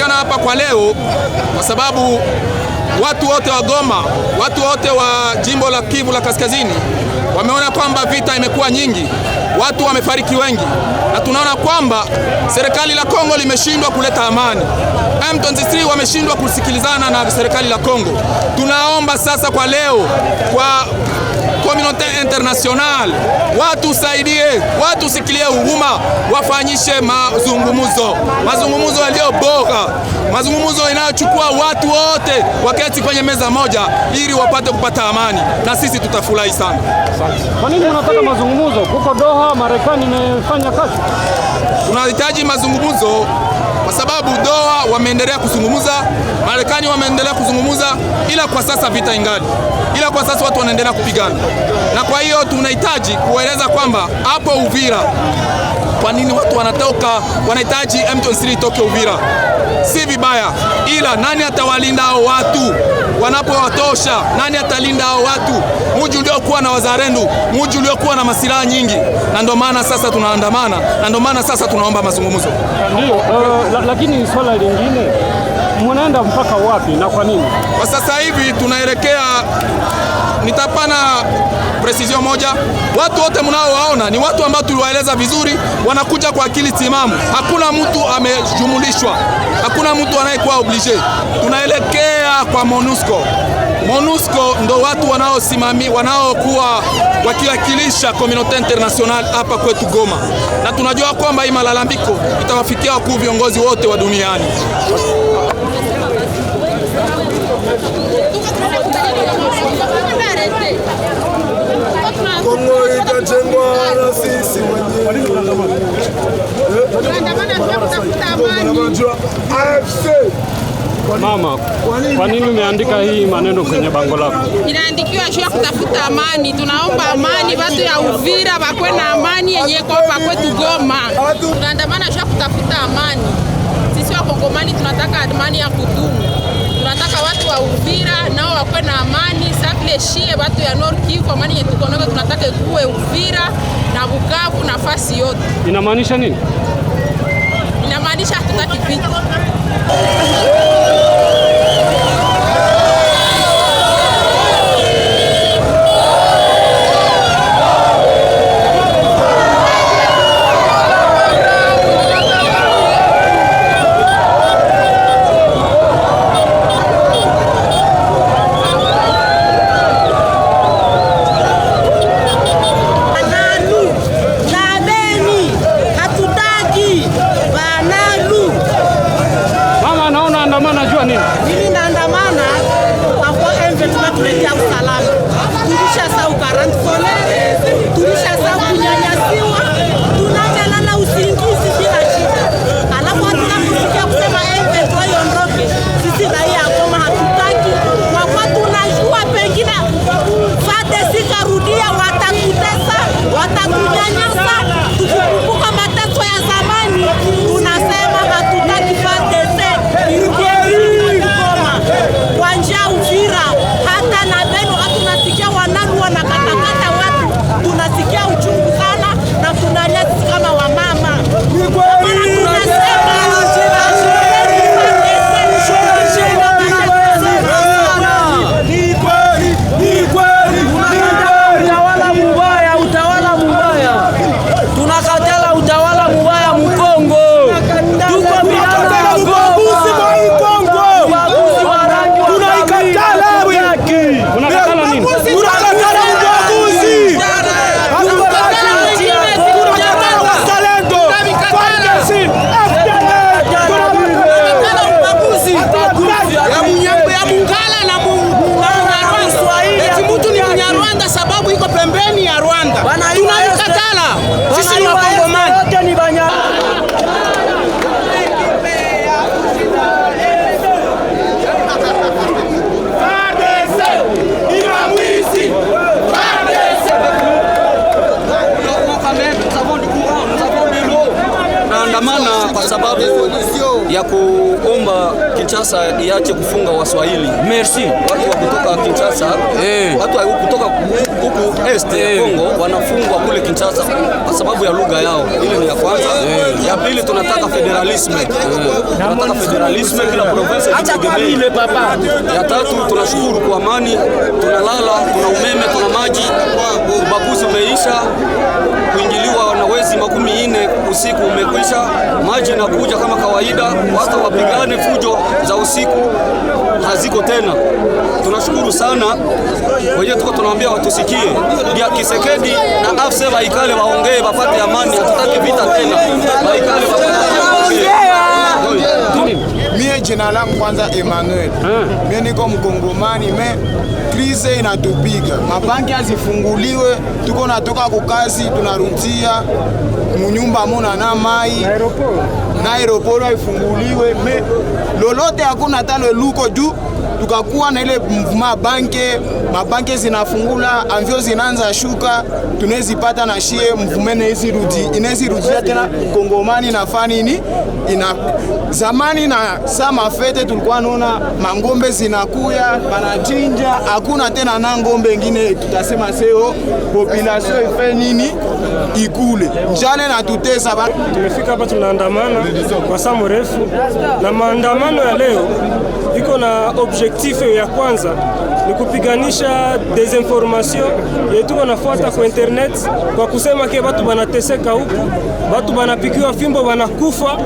tunapatikana hapa kwa leo kwa sababu watu wote wa Goma, watu wote wa jimbo la Kivu la Kaskazini wameona kwamba vita imekuwa nyingi, watu wamefariki wengi, na tunaona kwamba serikali la Kongo limeshindwa kuleta amani. M23 wameshindwa kusikilizana na serikali la Kongo. Tunaomba sasa kwa leo kwa komunote international watusaidie, watusikilie huruma, wafanyishe mazungumzo, mazungumzo yaliyo bora, mazungumzo inayochukua watu wote waketi kwenye meza moja, ili wapate kupata amani, na sisi tutafurahi sana. Kwa nini mnataka mazungumzo? Kuko Doha, Marekani inafanya kazi. Tunahitaji mazungumzo kwa sababu Doha wameendelea kuzungumza, Marekani wameendelea kuzungumza, ila kwa sasa vita ingali, ila kwa sasa watu wanaendelea kupigana, na kwa hiyo tunahitaji kueleza kwamba hapo Uvira kwa nini watu wanatoka, wanahitaji M23 itoke Uvira. Si vibaya, ila nani atawalinda hao watu wanapowatosha? Nani atalinda hao watu? Muji uliokuwa na wazarendu muji uliokuwa na masilaha nyingi, na ndio maana sasa tunaandamana, na ndio maana sasa tunaomba mazungumzo. Ndio. Eh, lakini swala lingine mnaenda mpaka wapi na kwa nini? Kwa sasa hivi tunaelekea, nitapana precision moja, watu wote mnaowaona ni watu ambao tuliwaeleza vizuri, wanakuja kwa akili timamu, hakuna mtu amejumulishwa, hakuna mtu anayekuwa oblige. Tunaelekea kwa MONUSCO. MONUSCO ndo watu wanaosimamia wanaokuwa wakiwakilisha communauté international hapa kwetu Goma, na tunajua kwamba hii malalamiko itawafikia wakuu viongozi wote wa duniani. Kongo itajengwa na sisi wenyewe. Mama, kwa nini umeandika hii maneno kwenye bango lako? Inaandikiwa juu ya kutafuta amani. Tunaomba amani, watu ya Uvira wakwe na amani yenye kwa kwetu Goma. Tunaandamana juu ya kutafuta amani. Sisi Wakongomani tunataka amani ya kudumu. Tunataka watu wa Uvira nao wakwe na amani, shie watu ya North Kivu, amani yetu tunataka kuwe Uvira na Bukavu, nafasi yote. Inamaanisha nini? Inamaanisha hatutaki vita. Kinshasa iache kufunga Waswahili. Merci. Watu wa kutoka Kinshasa, hey. Eh. Watu wa kutoka huku Est hey. ya Kongo eh. wanafungwa kule Kinshasa kwa sababu ya lugha yao. Ile ni ya kwanza. Hey. Eh. Ya pili tunataka federalism. Hey. Tunataka federalisme kila province ile papa. Ya tatu tunashukuru kwa amani, tunalala, tuna umeme, tuna maji. Ubaguzi umeisha kuingiliwa basi makumi ine usiku umekwisha, maji kuja kama kawaida, hata wapigane fujo za usiku haziko tena. Tunashukuru sana wenyewe, tuko tunaambia watusikie ya Kisekedi na afse waikale waongee, wapate amani. Hatutaki vita tena, waikale mimi jina langu kwanza Emmanuel. Mimi niko mkongomani me krize inatupiga, mabanki azifunguliwe, tuko natoka kukazi tunarudia munyumba mona na mai na aeroporo aifunguliwe, me lolote hakuna talo luko juu tukakuwa na ile mvuma banke mabanke zinafungula anvyo zinaanza shuka, tunezipata na shie mvumene izi rudi inezi rudia tena kongomani na fani ni ina zamani na saa mafete tulikuwa naona mangombe zinakuya banachinja, hakuna tena na ngombe ngine, tutasema seo population ife nini ikule njale na tutesa. Tumefika hapa tunaandamana kwa saa mrefu, na maandamano ya leo iko na objektifu ya kwanza ni kupiganisha desinformation yetu wanafuata kwa internet, kwa kusema ke batu banateseka huku, batu banapigiwa fimbo banakufa,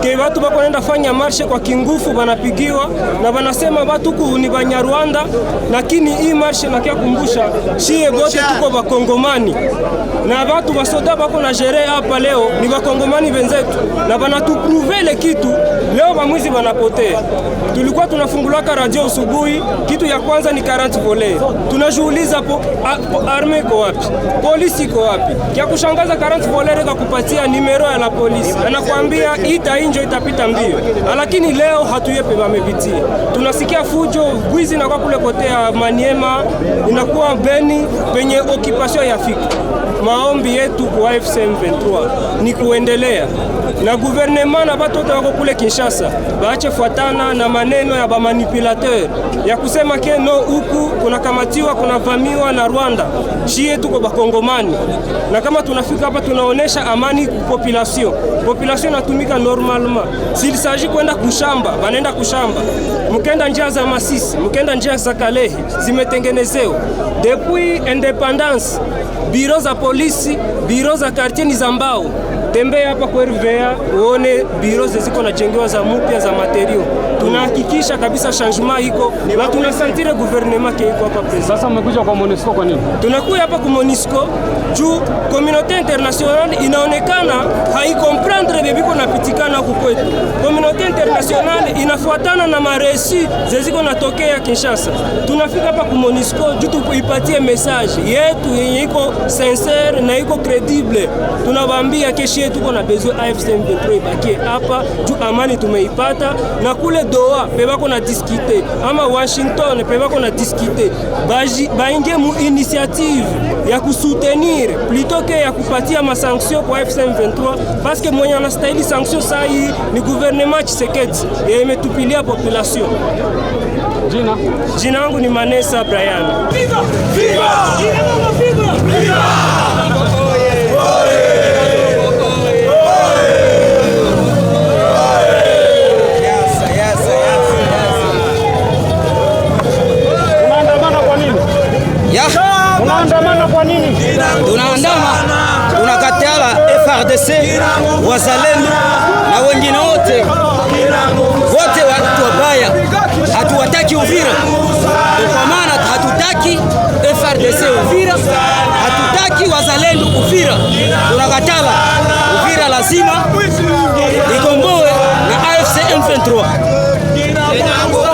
ke batu bako naenda fanya marshe kwa kingufu banapigiwa na banasema watu huku ni Banyarwanda, lakini hii marshe nakiakumbusha shie bote tuko bakongomani na batu basoda bako na jere hapa leo ni bakongomani benzetu na banatupruvele kitu leo bamwizi banapotea. Tulikuwa tunafungulaka radio usubuhi, kitu ya kwanza ni 40 volets. Tunajiuliza po, arme iko wapi? Polisi iko wapi? Kya kushangaza 40 volets kakupatia nimero ya la polisi. Anakuambia ita injo itapita mbio. Lakini leo hatuyepe wamepitia. Tunasikia fujo, bwizi na kwa kule kotea Maniema, inakuwa Beni penye occupation ya maombi yetu kwa FCM 23 ni kuendelea na guvernema na batu wako kule Kinshasa baache fuatana na maneno ya bamanipulateur ya kusema keno huku kunakamatiwa kunavamiwa na Rwanda. shi yetu kwa bakongomani, na kama tunafika hapa tunaonesha amani population, population natumika normalement. Silisaji kwenda kushamba, banenda kushamba, mkenda njia za Masisi, mkenda njia za Kalehe zimetengenezewa depuis independence biro za polisi, biro za quartier ni za mbao. Tembea hapa kwa RVA uone biro zeziko nachengewa za mupya za materio tunahakikisha kabisa changement iko na tunasentire gouvernement ke iko hapa present. Sasa mmekuja kwa MONUSCO kwa nini? Tunakuja hapa kwa MONUSCO juu communauté internationale inaonekana haikomprendre bebiko napitikana huku kwetu. Communauté internationale inafuatana na maresi zeziko natokea Kinshasa. Tunafika hapa kwa MONUSCO juu tuipatie message yetu yenye iko sincere na iko credible. Tunabambia keshi yetu tuko na besoin AFC M23 ibakie hapa juu amani tumeipata na kule Doha pe bako na diskite ama Washington pe bako na diskite, baingie mu initiative ya kusutenir plutôt ke ya kupatia masanksio kwa AFC M23, paske mwenye anastahili sanksio saa hii ni gouvernement Tshisekedi, ya imetupilia population. Jina jina yangu ni manessa Brian. Viva! Viva! Viva! Viva! Viva! wazalendo na wengine wote wote, watu wabaya hatuwataki Uvira, kwa maana hatutaki FRDC Uvira, hatutaki wazalendo Uvira, tunakatala Uvira, lazima ikomboe na AFC M23.